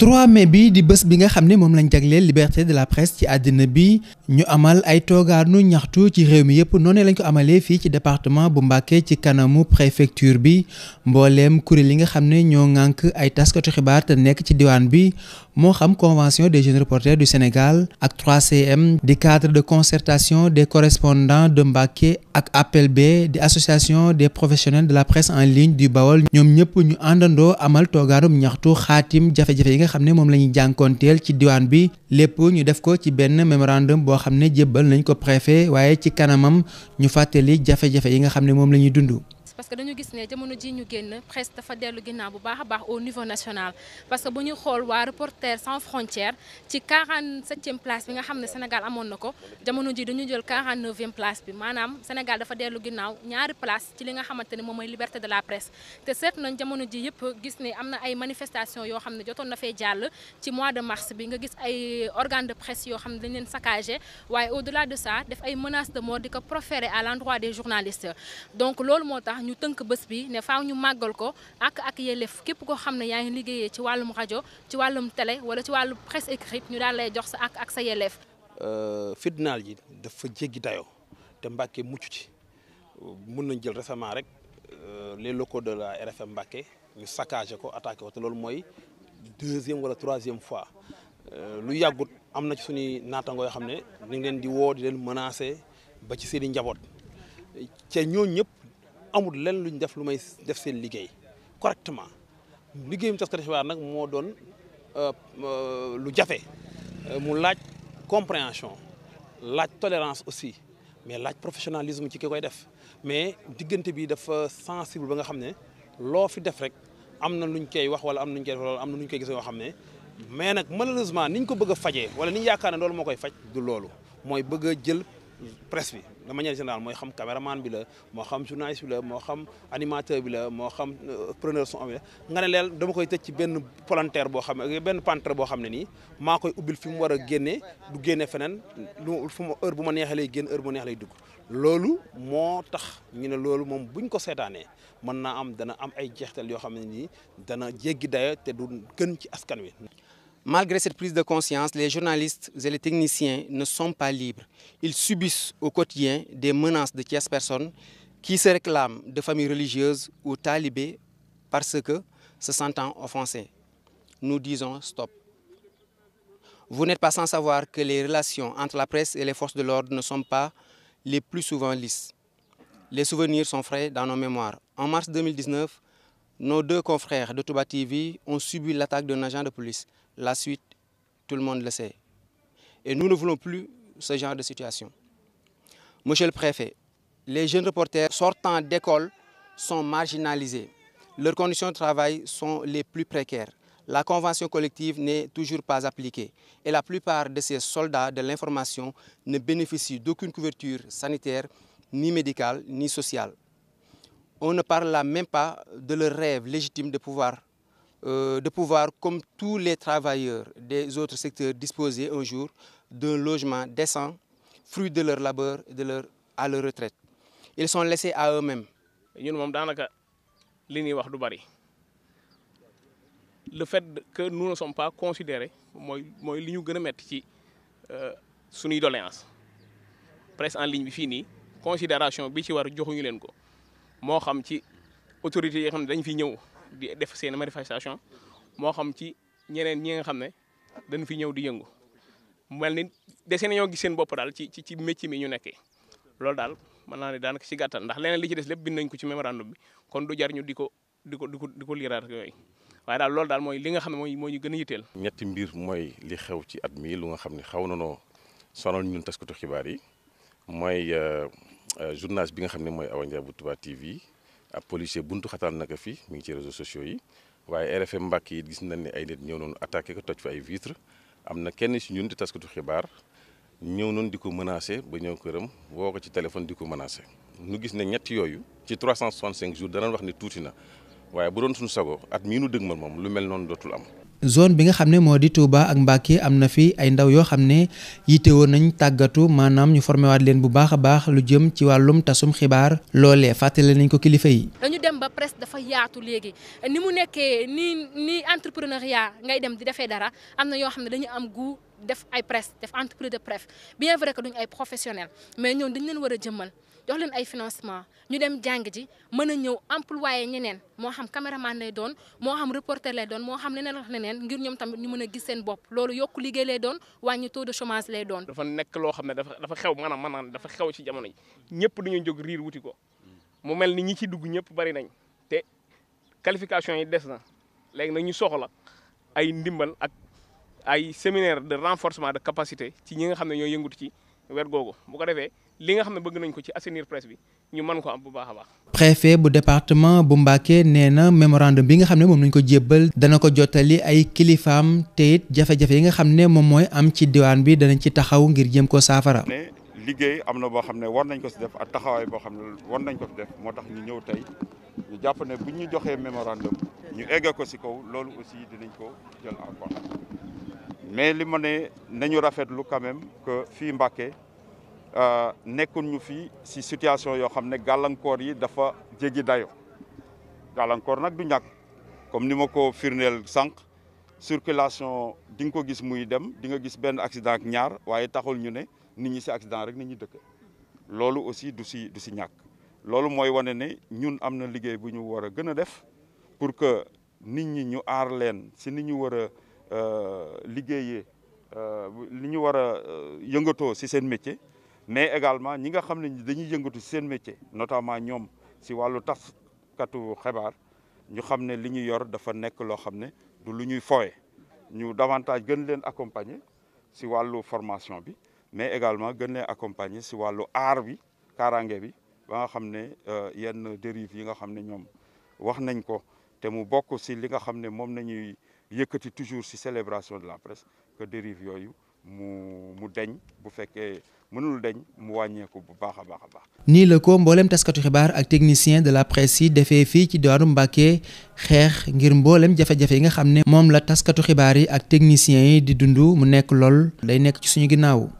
3 mais bi di bës bi nga xam ne moom lañ jagleel liberté de la presse ci àddina bi ñu amal ay toogaanu ñaxtu ci réew mi yëpp noonu lañ ko amalee fii ci département bu Mbacké ci kanamu préfecture bi mbooleem kuréel yi nga xam ne ñoo ŋànk ay taskatu xibaar te nekk ci diwaan bi moo xam convention des jeunes reporters du Sénégal ak 3CM di cadre de concertation des correspondants de Mbacké ak appel B di association des professionnels de la presse en ligne du Bawol ñoom ñëpp ñu àndandoo amal toogaanum ñaxtu xaatim jafe-jafe yi nga xam ne moom la ñuy jànkoonteel ci diwaan bi lépp ñu def ko ci benn mémorandum boo xam ne jébbal nañ ko préfet waaye ci kanamam ñu fàttali jafe-jafe yi nga xam ne moom la ñuy dund parce que dañu gis ne jamono ji ñu génn presse dafa dellu ginnaaw bu baax a baax au niveau national parce que bu ñu xool waa Reporters sans frontières ci 47e place bi nga xam ne Sénégal amoon na ko jamono ji dañu jël 49e place bi maanaam Sénégal dafa dellu ginnaaw ñaari place ci li nga xamante ne moom mooy liberté de la presse te seet nañ jamono ji yëpp gis ne am na ay manifestation yoo xam ne jotoon na fee jàll ci mois de mars bi nga gis ay organe de presse yoo xam ne dañ leen saccagé waaye au delà de ça def ay menaces ko proférer à l'endroit des journalistes donc loolu tax ñu tënk bés bi ne faaw ñu màggal ko ak ak yelleef képp koo xam ne yaa ngi liggéeyee ci wàllum rajo ci wàllum tele wala ci wàllu presse écrite ñu daal lay jox sa ak ak sa yelleef. Euh, fitnaal ji dafa jéggi dayoo te Mbacké mucc ci mun nañ jël récemment rek euh, les locaux de la RFM Mbacké ñu saccagé ko attaqué ko te loolu mooy deuxième wala troisième fois euh, lu yàggut am na ci suñuy naataangoo yoo xam ne ñu ngi leen di woo di leen menacé ba ci seen i njaboot te ñooñu ñëpp. amul lenn luñ def lu may def seen liggéey correctement liggéeyum taskati xibaar nag moo doon euh, euh, lu jafe euh, mu laaj compréhension laaj tolérance aussi mais laaj professionnalisme ci ki koy def mais diggante bi dafa sensible ba nga xam ne loo fi def rek am na luñ koy wax wala am na luñ koy def wala am koy gis yoo xam ne mais nag malheureusement ñu ko bëgg a fajee wala niñ yaakaar ne loolu moo koy faj du loolu mooy bëgg a jël presse bi de manière générale mooy xam caméraman bi la moo xam journaliste bi la moo xam animateur bi la moo xam euh, preneur son bi la nga ne leel dama koy tëj ci benn palanteer boo xam ne euh, benn pantre boo xam ne nii maa koy ubbil fi mu war a génnee du génne feneen lu fu ma heure bu ma neexalee génn heure bu ma neexee lay dugg loolu moo tax ñu ne loolu moom buñ ko seetaanee mën naa am dana am ay jeextal yoo xam ne nii dana jéggi dayo te du gën ci askan wi Malgré cette prise de conscience, les journalistes et les techniciens ne sont pas libres. Ils subissent au quotidien des menaces de tierces personnes qui se réclament de familles religieuses ou talibés parce que se sentant offensés. Nous disons stop. Vous n'êtes pas sans savoir que les relations entre la presse et les forces de l'ordre ne sont pas les plus souvent lisses. Les souvenirs sont frais dans nos mémoires. En mars Nos deux confrères de Touba TV ont subi l'attaque d'un agent de police. La suite, tout le monde le sait. Et nous ne voulons plus ce genre de situation. Monsieur le préfet, les jeunes reporters sortant d'école sont marginalisés. Leurs conditions de travail sont les plus précaires. La convention collective n'est toujours pas appliquée et la plupart de ces soldats de l'information ne bénéficient d'aucune couverture sanitaire, ni médicale, ni sociale. on ne parle la même pas de leur rêve légitime de pouvoir, euh, de pouvoir, comme tous les travailleurs des autres secteurs, disposer un jour d'un logement décent, fruit de leur labeur et de leur, à leur retraite. Ils sont laissés à eux-mêmes. Le fait que nous ne sommes pas considérés, c'est ce que nous metti ci euh, doléance. Presse en ligne bi fini, considération bi ci war joxuñu leen ko. moo xam ci autorités yi nga xam ne dañ fi ñëw di def seen manifestation moo xam ci ñeneen ñi nga xam ne dañ fi ñëw di yëngu mel ni dese nañoo gis seen bopp daal ci ci ci métier mi ñu nekkee loolu daal mën naa ne daanaka ci gàttal ndax leneen li ci des lépp bind nañ ko ci mémorandum bi kon du jar ñu di ko di ko di ko di ko liiraat yooyu waaye daal loolu daal mooy li nga xam ne mooy moo ñu gën a yitteel. ñetti mbir mooy li xew ci at mi lu nga xam ne xaw na noo sonal ñun taskatu xibaar yi mooy euh, Euh, journaliste bi nga xam ne mooy Awa Ndiaye bu Touba TV ab policier buntu xataal na ko fi mi ngi ci réseaux sociaux yi waaye RFM Mbàkke yi gis nañ ne ay nit ñëw noonu attaqué ko toj fi ay vitre am na kenn si ñun di taskatu xibaar ñëw noonu di ko menacé ba ñëw këram woo ko ci téléphone di ko menacé nu gis ne ñett yooyu ci cinq jours danañ wax ne tuuti na waaye bu doon suñu sago at mii nu dëgmal moom lu mel noonu dootul am. zone bi nga xam ne moo di Touba ak Mbacké am na fi ay ndaw yoo xam ne woon nañ tàggatu maanaam ñu formé waat leen bu baax a baax lu jëm ci wàllum tasum xibaar loolee fàttale nañ ko kilifa yi. dañu dem ba presque dafa yaatu léegi ni mu nekkee ni ni entrepreneuriat ngay dem di defee dara am na yoo xam ne dañu am goût def ay presse def entreprise de presse bien vrai que duñ ay professionnel mais ñoom dañ leen war a jëmmal jox leen ay financement ñu dem jàng ji mën a ñëw employé ñeneen moo xam caméraman lay doon moo xam reporter lay doon moo xam ne wax leneen ngir ñoom tamit ñu mën a gis seen bopp loolu yokk liggéey lay doon wàññi taux de chômage lay doon. dafa nekk loo xam ne dafa dafa xew maanaam maanaam dafa xew ci jamono yi ñëpp dañoo jog riir wuti ko mu mel ni ñi ci dugg ñëpp bari nañ te yi des na léegi nag ñu soxla ay ndimbal ak. ay séminaire de renforcement de capacité ci ñi nga xam ne ñooy yëngutu ci wet googu bu ko defee li nga xam ne bëgg nañ ko ci assainir presse bi ñu mën ko am bu baax a baax. préfet bu département bu Mbacké nee na mémorandum bi nga xam ne moom nañ ko jébbal dana ko jottali ay kilifaam te it jafe-jafe yi nga xam ne moom mooy am ci diwaan bi danañ ci taxaw ngir jëm ko saafara. ne liggéey am na boo xam ne war nañ ko si def ak taxawaay boo xam ne war nañ ko si def moo tax ñu ñëw tey jàpp ne bu ñu joxee mémorandum ñu egg ko si kaw loolu aussi dinañ ko jël mais li ma ne nañu rafetlu quand même que fii Mbacké euh, nekkoon ñu fii si situation yoo xam ne gàllankoor yi dafa jéggi dayo gàllankoor nag du ñàkk comme ni ma ko firndeel sànq circulation di nga ko gis muy dem di nga gis benn accident ñaar waaye taxul ñu ne nit ñi si accident rek ni ñi dëkk loolu aussi du si du si ñàkk loolu mooy wane ne ñun am na liggéey bu ñu war a gën a def pour que nit ñi ñu aar leen si ni ñu war a Euh, liggéeyee euh, li ñu war a euh, yëngatoo si seen métier mais également ñi nga xam ne dañuy yëngatu si seen métier notamment ñoom si wàllu katu xibaar ñu xam ne li ñu yor dafa nekk loo xam ne du lu ñuy fooye ñu davantage gën leen accompagner si wàllu formation bi mais également gën leen accompagner si wàllu aar bi kaaraange bi ba nga xam ne yenn dérive yi nga xam ne ñoom wax nañ ko te mu bokk si li nga xam ne moom nañuy yëkkati toujours ci célébration de la presse que dérive yooyu mu mu deñ bu fekkee mënul deñ mu wàññeeku bu baax a baax a baax. nii la ko mboolem taskatu xibaar ak technicien de la presse yi defee fii ci diwaanu Mbàkke xeex ngir mboolem jafe-jafe yi nga xam ne moom la taskatu xibaar yi ak technicien yi di dundu mu nekk lool day nekk ci suñu ginnaaw.